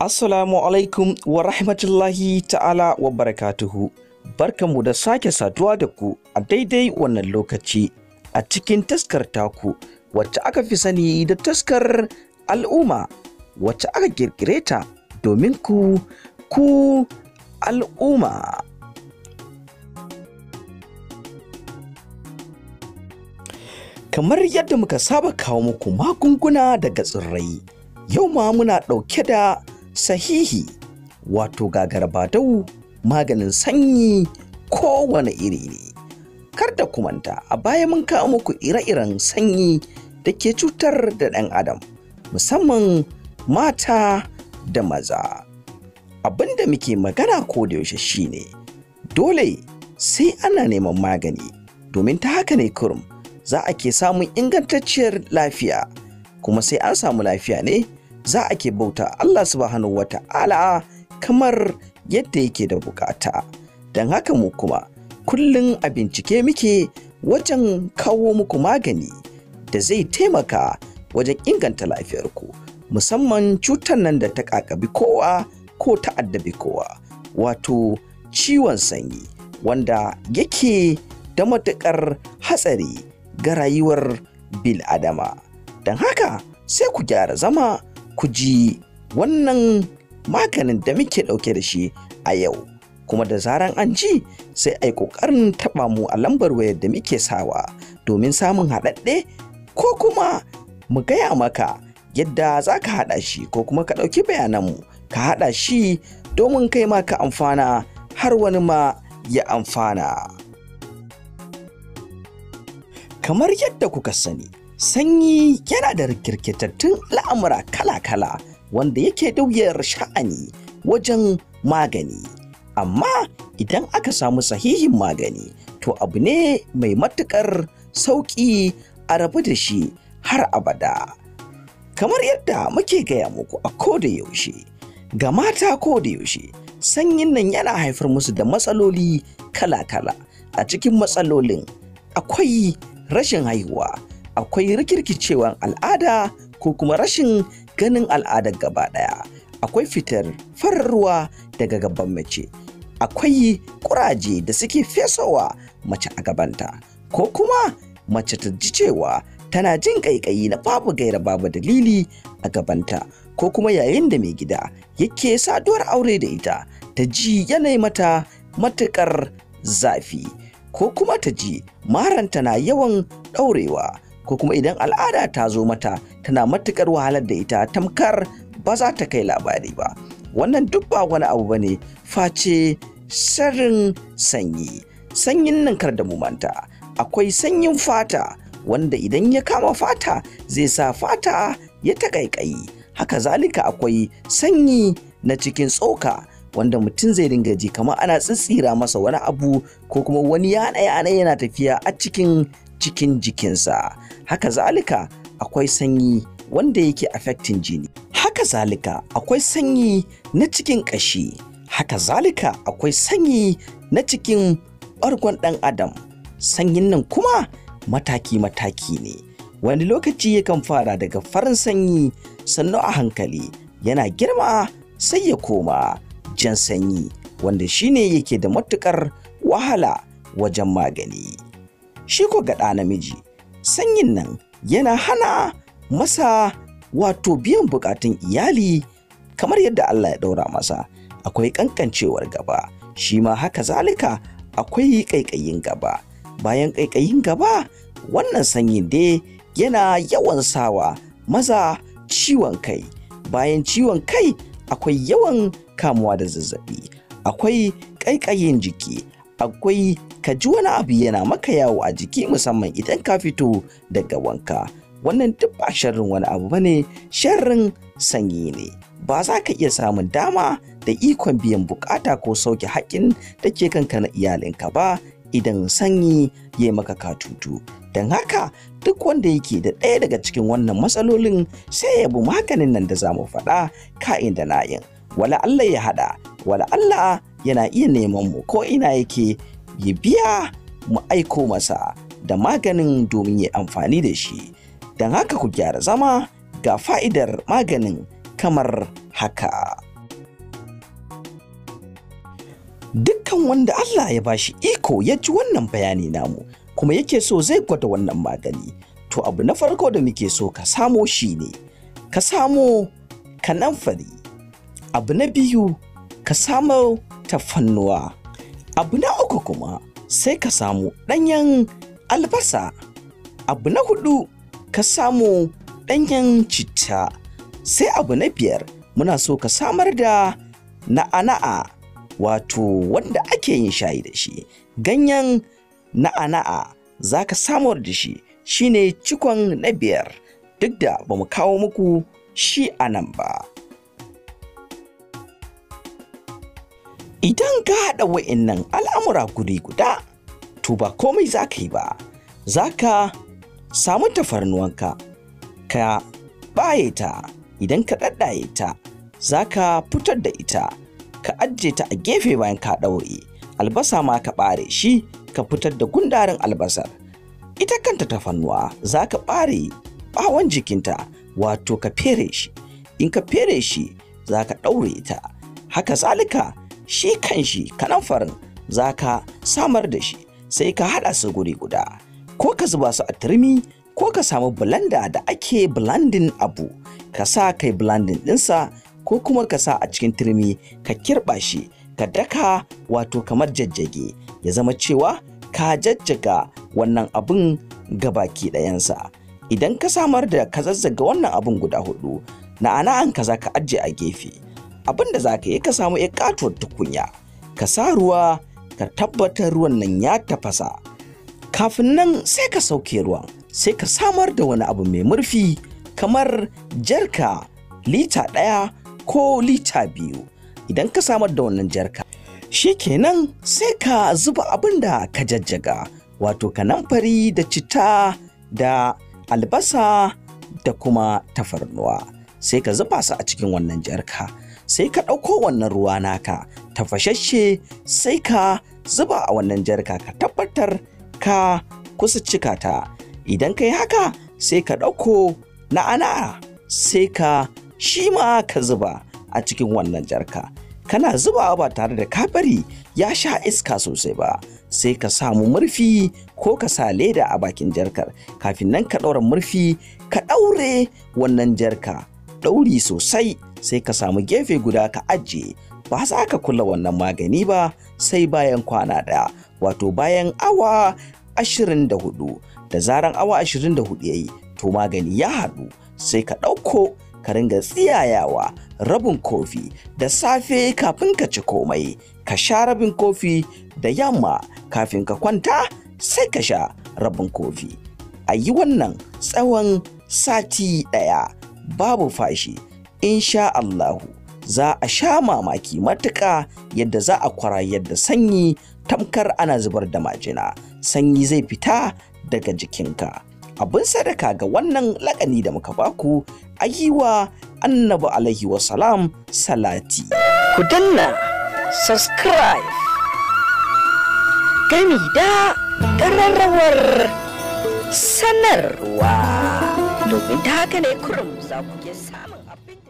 Assalamu alaikum wa rahmatullahi ta'ala wa barakatuhu. Barkanmu da sake saduwa da ku a daidai wannan lokaci a cikin taskar taku wacce aka fi sani da taskar al'umma wacce aka kirkire ta domin ku ku al'umma kamar yadda muka saba kawo muku magunguna daga tsirrai yau ma muna ɗauke da sahihi wato gagarabadau maganin sanyi kowane iri ne kar da kumanta a baya mun kawo muku ire-iren sanyi da ke cutar da ɗan adam musamman mata da maza abin da muke magana ko da yaushe shine dole sai ana neman magani domin ta haka ne kurum za a ke samun ingantacciyar lafiya kuma sai an samu lafiya ne za a ke bauta Allah subhanahu wa ta'ala kamar yadda yake da bukata don haka mu kuma kullum a bincike muke wajen kawo muku magani da zai taimaka wajen inganta lafiyarku musamman cutar nan da ta kakabi kowa ko ta'addabi kowa wato ciwon sanyi wanda yake da matuƙar hatsari ga rayuwar bil'adama don haka sai ku gyara zama ku ji wannan maganin da muke ɗauke da shi a yau kuma da zaran an ji sai ai ƙoƙarin taɓa mu a lambar wayar da muke sawa domin samun haɗaɗɗe ko kuma mu gaya maka yadda za ka haɗa shi ko kuma ka ɗauki bayananmu ka haɗa shi domin kai ma ka amfana har wani ma ya amfana. Kamar yadda kuka sani, sanyi yana da rikirkitattun la'amura kala-kala wanda yake dauyar sha'ani wajen magani. Amma idan aka samu sahihin magani, to abu ne mai matuƙar sauƙi a rabu da shi har abada. Kamar yadda muke gaya muku a koda yaushe. Ga mata ko da yaushe, sanyin nan yana haifar musu da matsaloli kala-kala. A cikin matsalolin akwai rashin haihuwa, akwai rikirkicewan al'ada ko kuma rashin ganin al'adar gaba ɗaya. Akwai fitar farar ruwa daga gaban mace. Akwai kuraje da suke fesowa mace a gabanta, ko kuma mace ta ji cewa tana jin ƙaiƙayi na babu gaira babu dalili a gabanta ko kuma yayin da mai gida yake saduwar aure da ita ta ji yanayi mata matuƙar zafi ko kuma ta ji maranta na yawan ɗaurewa ko kuma idan al'ada ta zo mata tana matuƙar wahalar da ita tamkar ba za ta kai labari ba wannan duk ba wani abu ba ne face sarin sanyi sanyin nan kar da mu manta akwai sanyin fata wanda idan ya kama fata zai sa fata ya ta ƙaiƙayi haka zalika akwai sanyi na cikin tsoka wanda mutum zai dinga ji kamar ana tsitsira masa wani abu ko kuma wani yana yana yana tafiya a cikin cikin jikinsa haka zalika akwai sanyi wanda yake affecting jini haka zalika akwai sanyi na cikin ƙashi haka zalika akwai sanyi na cikin ɓargon ɗan adam sanyin nan kuma mataki-mataki ne wani lokaci yakan fara daga farin sanyi sannu a hankali yana girma sai ya koma jan sanyi wanda shine yake da matukar wahala wajen magani shi ko gaɗa namiji sanyin nan yana hana masa wato biyan bukatun iyali kamar yadda Allah ya ɗaura masa akwai ƙanƙancewar gaba shi ma haka zalika akwai ƙaiƙayin gaba bayan ƙaiƙayin gaba wannan sanyin dai yana yawan sawa maza ciwon kai bayan ciwon kai akwai yawan kamuwa da zazzabi akwai ƙaiƙayin jiki akwai ka ji wani abu yana maka yawo a jiki musamman idan ka fito daga wanka wannan duk ba sharrin wani abu ba ne sharrin sanyi ne ba za ka iya samun dama da ikon biyan bukata ko sauke haƙƙin da ke kanka na iyalinka ba idan sanyi ya maka katutu don haka duk wanda yake da ɗaya daga cikin wannan matsalolin sai ya bi maganin nan da za mu faɗa ka'in da na'in wala Allah ya haɗa wala Allah yana iya neman mu ko ina yake ya biya mu aiko masa da maganin domin ya amfani da shi don haka ku gyara zama ga fa'idar maganin kamar haka. Dukkan wanda Allah ya ba shi iko ya ji wannan bayani namu kuma yake so zai gwada wannan magani. To abu na farko da muke so ka samo shi ne, ka samo kanamfari. Abu na biyu ka samo tafannuwa. Abu na uku kuma sai ka samu ɗanyen albasa. Abu na hudu ka samu ɗanyen citta. Sai abu na biyar muna so ka samar da na'ana'a. wato wanda ake yin shayi da shi ganyen na'a-na'a za ka samar da shi shine cikon na biyar duk da ba mu kawo muku shi a nan ba idan ka haɗa wa'innan al'amura guri guda to ba komai za ka yi ba za ka samu tafarnuwanka ka baye ta idan ka ɗaɗɗaye ta za ka fitar da ita ka ajiye ta a gefe bayan ka ɗaure albasa ma ka ɓare shi ka fitar da gundarin albasar ita kanta ta fannuwa za ka ɓare ɓawon jikinta wato ka fere shi in ka fere shi za ka ɗaure ita haka zalika shi kan shi kananfarin za ka samar da shi sai ka haɗa su guri guda ko ka zuba su a turmi ko ka samu blanda da ake blandin abu ka sa kai blandin ɗinsa ko kuma ka sa a cikin turmi ka kirɓa shi ka daka wato kamar jajjage ya zama cewa ka jajjaga wannan abin ga baki ɗayansa idan ka samar da ka zazzaga wannan abin guda hudu na ana'an ka za ka ajiye a gefe abin da za ka yi ka samu ya katuwar tukunya ka sa ruwa ka tabbatar ruwan nan ya tafasa kafin nan sai ka sauke ruwan sai ka samar da wani abu mai murfi kamar jarka lita ɗaya ko lita biyu idan ka samar da wannan jarka shi kenan sai ka zuba abin da ka jajjaga wato kanamfari da citta da albasa da kuma tafarnuwa sai ka zuba su a cikin wannan jarka sai ka ɗauko wannan ruwa naka tafashashe sai ka zuba a wannan jarka ka tabbatar ka kusa cika ta idan ka yi haka sai ka ɗauko na'ana sai ka shi ma ka zuba a cikin wannan jarka kana zuba ba tare da ka bari ya sha iska sosai ba sai ka samu murfi ko ka sa leda a bakin jarkar kafin nan ka ɗaura murfi ka ɗaure wannan jarka ɗauri sosai sai ka samu gefe guda ka ajiye ba za ka kula wannan magani ba sai bayan kwana ɗaya wato bayan awa ashirin da hudu da zaran awa ashirin da hudu ya yi to magani ya haɗu sai ka ɗauko ka ringa tsiyayawa rabin kofi da safe kafin ka ci komai ka sha rabin kofi da yamma kafin ka kwanta sai ka sha rabin kofi a yi wannan tsawon sati ɗaya babu fashi insha Allahu za a sha mamaki matuƙa yadda za a kwara yadda sanyi tamkar ana zubar da majina sanyi zai fita daga jikinka abin sadaka ga wannan lakani da muka baku a yi wa annabi alaihi wasalam salati. Ku danna subscribe gami da ƙararrawar sanarwa domin ta haka ne kurum za ku samun abin